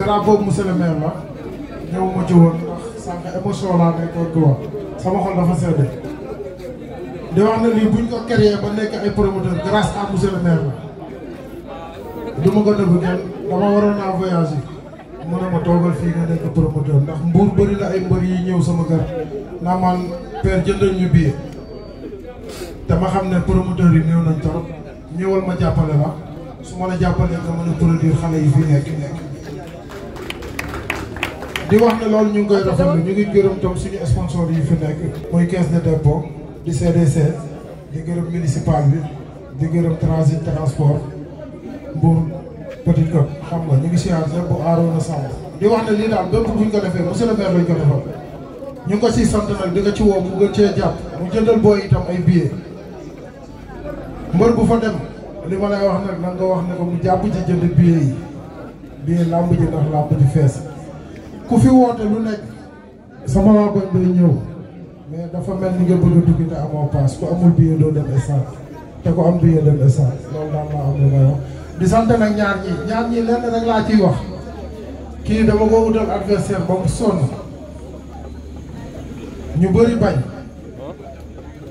danaa boobu monsieur le maire la ñëwuma ci woon ndax sànq émotion laa nekkoon quoi sama xol dafa sedd di na lii buñ ko créé ba nekk ay promoteur grâce à ma ko nëbb kenn toogal fii ndax mbuur bëri la ay mbër yi ñëw sama kër naa man père jëndal ñu billet te ma xam ne promoteur yi néew nañ torop ñëwal ma jàppale la su ma la jàppalee nga mën a xale yi fii nekk nekk di wax ne loolu ñu ngi koy rafetlu ñu ngi gërëm tam suñu sponsor yi fi nekk. mooy caisse de dépôt di CDC di gërëm municipal bi di gërëm transit transport Mbour Petite Côte xam nga ñu ngi siyaare bu aaroon sàmm. di wax ne lii daal bépp bu ñu ko defee monsieur le maire lañ ko ñu ngi ko siy sant nag di ci woo mu gën cee jàpp mu jëndal booy tam ay billets mbër bu fa dem li ma lay wax nag nga wax ne ko mu jàpp ci jënd billet yi billet làmb ji ndax làmb ji fees. ku fi woote lu nekk sama waa koñ day ñëw mais dafa mel ni nga bëgg a te amoo paas ku amul billet doo dem essence te ko am billet dem essence loolu daal maa am lu may wax di sant nag ñaar ñii ñaar ñi lenn rek laa ciy wax kii dama ko wutal adversaire ba mu sonn ñu bëri bañ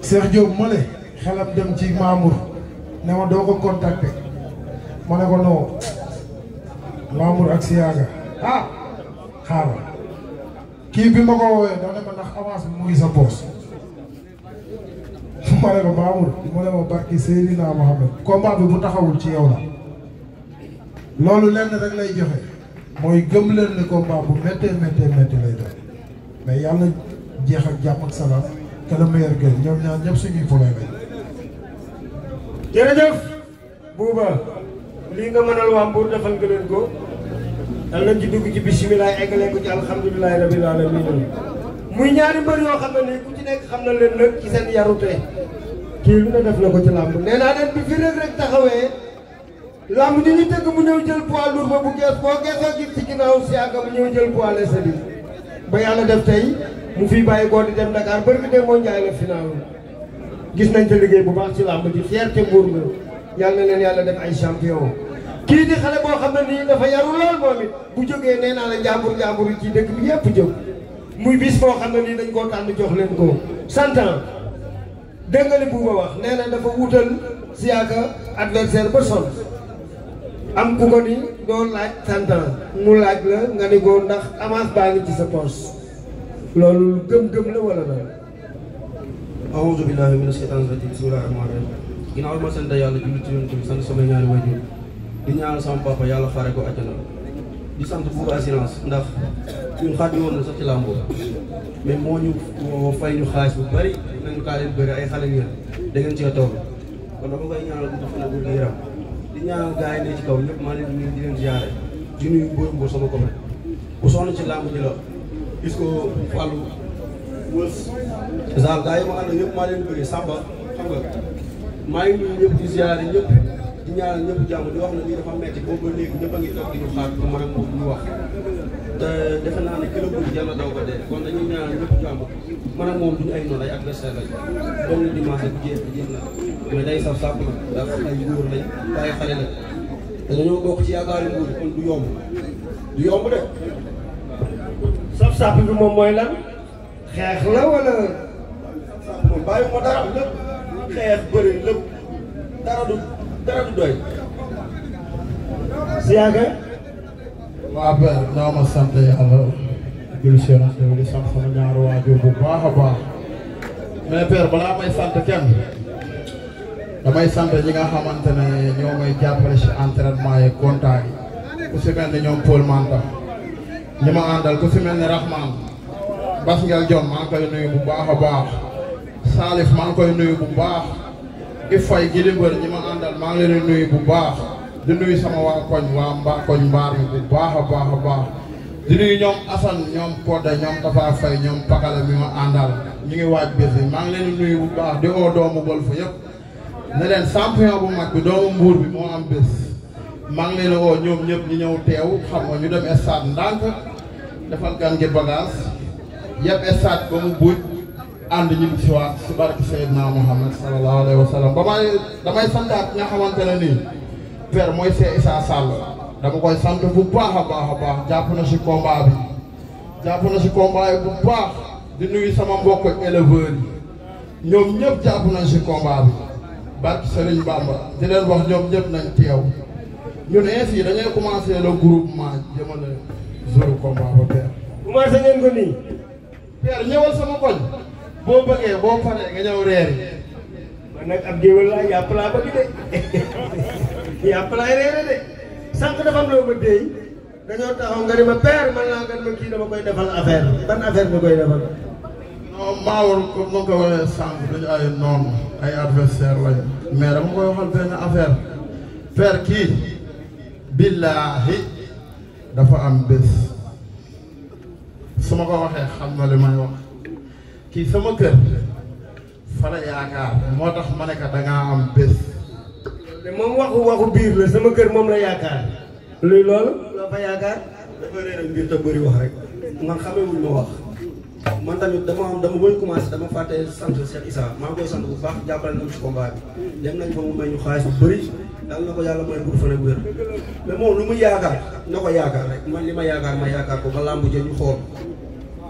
Cheikh Diop mële xelam dem ci Mamour ne ma doo ko contacter ma ne ko non Mamour ak Siyaga ah xaaral kii bi ma ko woowee daf ne ma ndax avance bi mu sa poos fu ma ne ko maamul mu ne ma barki Seydina Mohamed combat bi bu taxawul ci yow la loolu lenn rek lay joxe mooy gëm leen ne combat bu méttee méttee méttee lay doon mais yàlla jeex ak jàmm ak salaam que le meilleur gagne ñoom ñaar ñëpp suñuy problème yi. jërëjëf. Bouba lii nga mënal waa Mbour defal nga ko. dal nañ ci dugg ci bisimilah eggale ko ci alhamdulilah rabil alamin muy ñaari mbër yoo xam ne nii ku ci nekk xam na leen nag ci seen yarute kii lu ne def na ko ci làmb nee naa leen bi fi rek rek taxawee làmb di ñu tëgg mu ñëw jël poids lourd ba bu gees boo geesoo gis ci ginnaaw si àgga mu ñëw jël poids léger bi ba yàlla def tey mu fi bàyyi góor di dem Dakar bër bi demoo njaay la final gis nañ te liggéey bu baax ci làmb di fierté mbuur nga yàlla na yàlla def ay champion kii di xale boo xam ne dafa yaru lol moom bu joggé néna la jambour jambour ci dëkk bi yépp ya, jëm muy bis bo xam ni dañ ko tan jox leen ko santan dégg nga li buuba wax néna dafa wutal siyaaka adversaire ba son am ku ko ni do laaj santan mu laaj la nga ni ko ndax avance baa ngi ci sa poche lol gëm-gëm la wala na a'udhu billahi minash shaitanir rajim bismillahir rahmanir rahim ginaaw ma sant yàlla julli ci yonent bi sant sama ñaari wajju di ñaanal sama papa yàlla xare ko àjjana di sant boobu assurance ndax ñun xàddi woon na ci làmboo mais moo ñu fay ñu bu bari nañu kaa leen bëri ay xale ngeen da ngeen cee toll kon dama koy ñaanal bu na bu yaram di ñaanal gars yi ne ci kaw ñëpp maa leen di nuyu di leen di nuyu mbóor mbóor sama commune bu ci làmb ji la gis ko fàllu wës genre gars yi ma ànd yëpp maa leen bëri sàmba xam nga maa ngi nuyu ñëpp di ziare ñëpp di ñaanal ñëpp jàmm di wax ne lii dafa metti boobu léegi ñëpp a ngi toog di ñu xaar pour man ak moom wax te defe naa ne kilo bu jàll daw ko dee kon dañuy ñaanal ñëpp jàmm man ak moom duñu ay noonu ay adversaire lañ doom na dimanche bi jeex bi jeex na mais day saf sàpp la ndax ay moom mooy lan xeex la wala moom bàyyi ma dara lépp xeex bëri lépp dara du dara du doy. Siyaaka. waa Père naa ma sant yàlla. julli si rajo bi di sant ñaari waajur bu baax a baax. mais Père balaa may sant kenn. damay sant ñi nga xamante ne ñoo may jàppale si entraînement yi contact yi. ku si mel ni ñoom Paul Manta. ma àndal ku si mel ni Rahman. Bas Ngel John maa ngi koy nuyu bu baax a baax. Salif maa ngi koy nuyu bu baax. di fay gi li ñi ma àndal maa ngi leen nuyu bu baax di nuyu sama waa koñ waa mbaa koñ mbaar mi bu baax a baax a baax di nuyu ñoom Assane ñoom Podé ñoom Tafa Faye ñoom Pakala mi ma àndal ñu ngi waaj bés yi maa ngi nuyu bu baax di oo doomu bol fa yëpp ne leen champion bu mag bi doomu mbuur bi moo am bés maa ngi leen di oo ñoom ñëpp ñu ñëw teew xam nga ñu dem stade ndànk defal gan gi bagage yëpp stade ba mu buuj ànd ñibbi si waat si barke Seydina Muhammad sallallahu alayhi wa sallam ba may damay santaat nga xamante nii père mooy Cheikh Issa da dama koy sant bu baax a baax a baax jàpp na si combat bi na si combat yi bu baax di nuyu sama mbokk éleveurs yi ñoom ñëpp jàpp nañ si combat bi barke Serigne Bamba di leen wax ñoom ñëpp nañ teew ñun ainsi dañuy commencé le groupement jëmale jour combat ba père. commencé ngeen ko nii. père ñëwal sama koñ. bomba bëggee boo paree nga ñëw reer man nag ab géwél laa yàpp laa bëgg de yàpp laay reere de sànq dafa am loo ma déy dañoo taxaw nga ne ma père man laa gan ma kii dama koy defal affaire ban affaire ma koy defal non mbaawul comme ma ko waxee sànq dañu ay noon ay adversaire lañu mais dama koy waxal benn affaire père kii billaahi dafa am bés su ko waxee xam na wax ki sama kër fa la yaakaar moo tax ma da nga am bes te mom waxu waxu bir la sama kër mom la yaakaar. luy loolu. loo fa yaakaar. dafa réer ak mbir te bëri wax rek. nga xamé wuñ ma wax. man tamit dama am dama woy commencé dama faté sante Cheikh isa ma ngoy sante bu baax jappal na ci combat bi. dem nañ fa mu may ñu xaliss bu bëri. dal nako yalla moy bu fa fan ak mais mom lu mu yaakaar nako ko rek man lima ma ma yaakaar ko ba làmb jël ñu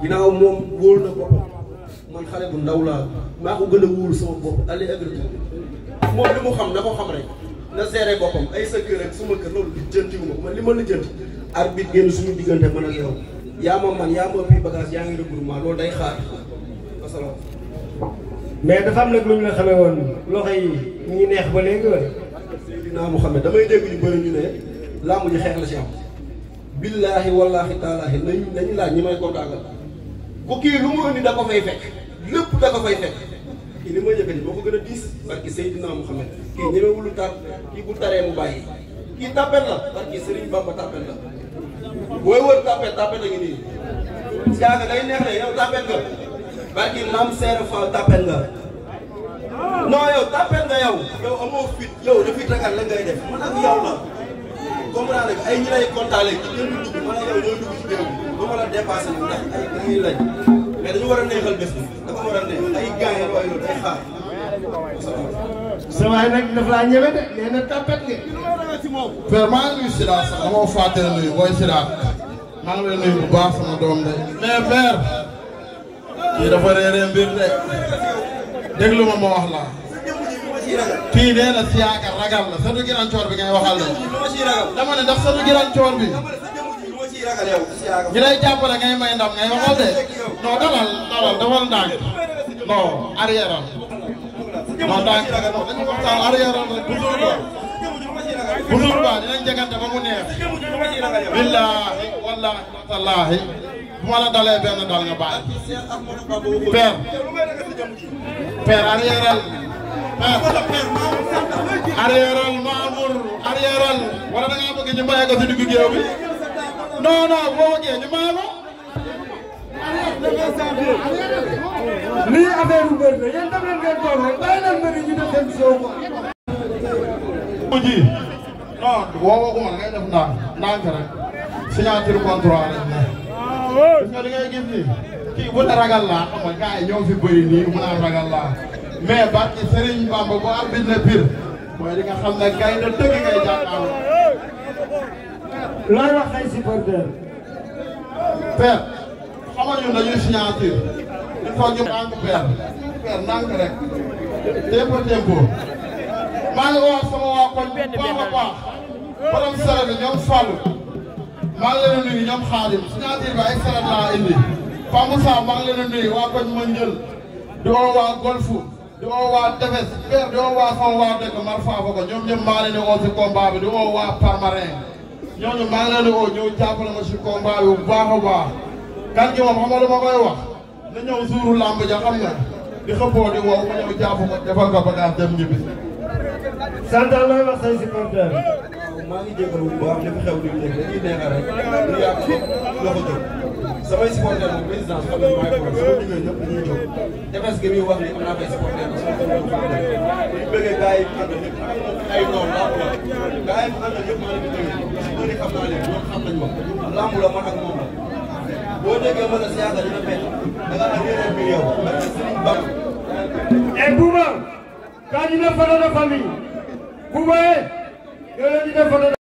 ginaaw mom wol na boppam. man xale bu ndaw laa maa ko gën a wóolu sama bopp allez agriculture moom li mu xam na ko xam rek na seere boppam ay sa kër ak suma kër loolu lijjantiwu ma man li ma lijjanti arbitre génn suñu diggante man ak yow yaa ma man yaa ma ëppi bagage yaa ngi regroupement loolu day xaar asalaam mais dafa am nag lu ñu la xamee woon loxo yi ñu ngi neex ba léegi wala dinaa mu xamee damay dégg ñu bëri ñu ne làmb ji la si am billaahi wallaahi taalaahi nañ nañu laaj ñi may kontaagal ku kii lu mu indi da ko fay fekk lépp da ko fay fekk kii li ma yëkkati boo ko gën a diis barki Seydina Mouhamed kii ñemewul lu tar kii bu taree mu bàyyi kii tàppet la barki Serigne Bamba tàppet la booy wër tàppet tàppet a ngi nii jaaga day neex ne yow tàppet nga barki maam Seere Fall tàppet nga non yow tàppet nga yow yow amoo fit yow dafi tagal la ngay def man ak yow la comprendre nga man ak yow ñooy dugg ci déew ay dañuy lañ mais dañu war a neexal a neex ay gars yi waaye loolu sa waay nag daf laa ñeme de nee na tapet nga. père maa ngi nuyu Sida sax fàtte nuyu booy Sida maa ngi lay nuyu bu baax sama doom de. mais père kii dafa réeré mbir de déglu ma ma wax la kii nee na si yaakaar ragal la sëtu Giraan Coor bi ngay waxal la dama ne ndax sëtu Giraan Coor bi. ñu lay jàppale ngay may ndam ngay waxal de non dalal dalal dafal ndànk non arrière am non ndànk dañu waxtaan arrière am rek bu dul ba bu dul ba dinañ jegante ba mu neex billaahi wallaahi tallaahi bu ma la dalee benn dal nga bàyyi père père arrière al père arrière al Mamour arrière al wala da ngaa bëgg ñu bàyyi ko si diggu géew bi non non boo jee ñu may ma. lii affaire bu bëri la yéen daf leen ngeen toog rek bàyyi leen bëri ñu def seen show quoi. bu ji non woo woo ko man ngay def ndànk ndànk rek signature contrat lañ ne. gis nga li ngay gis nii kii bu la ragal laa xam nga gars yi ñoo fi bëri nii mu naan ragal laa mais barki Serigne Bamba bu arbitre na pire mooy li nga xam ne gaynde dëgg ngay jàkkaarloo. looy wax ay supporter. père xamal ñun dañuy signature. il faut ñu ànd père. père ndànk rek. tempo tempo. maa ngi wax sama waa koñ bu baax a baax. borom sere bi ñoom Fallou. maa ngi leen di nuyu Xaadim signature bi ay sere laa indi. Pa Moussa maa ngi leen di koñ ma njël. di woo waa golfu. di woo waa Tefes. di woo waa sama waa dëkk Marfa Bako ñoom ñëpp maa leen di si combat bi di woo waa Parmarin. ñooñu maa ngi leen di woo ñëw jàppale ma si combat bi bu baax a baax kan gi moom xam nga lu ma koy wax na ñëw suuru làmb ja xam nga di xëppoo di woo ma ñëw jàpp ma defal ko bagage dem ñibbi. sant looy wax say supporter. maa ngi jégalu bu baax li fi xew li mu nekk dañuy neexal rek lu yàgg loxo jóg samay supporter moom président xam nañu maay borom sama liggéey ñëpp dañuy jóg defes gi muy wax ni am naa fay supporter bi sama tool bi ñu bëggee gars yi mu àndal ñëpp ay noonu laa ko wax gars yi mu àndal ñëpp maa ngi bëggee bëri xam naa leen ñoom xam nañ ma la man ak moom la boo déggee mën a siyaasa dina fekk da ngaa la réeréer bi yow da nga Serigne Ba. et eh, Bouba. kaa dina photo de famille. Bouba yee. yow yaa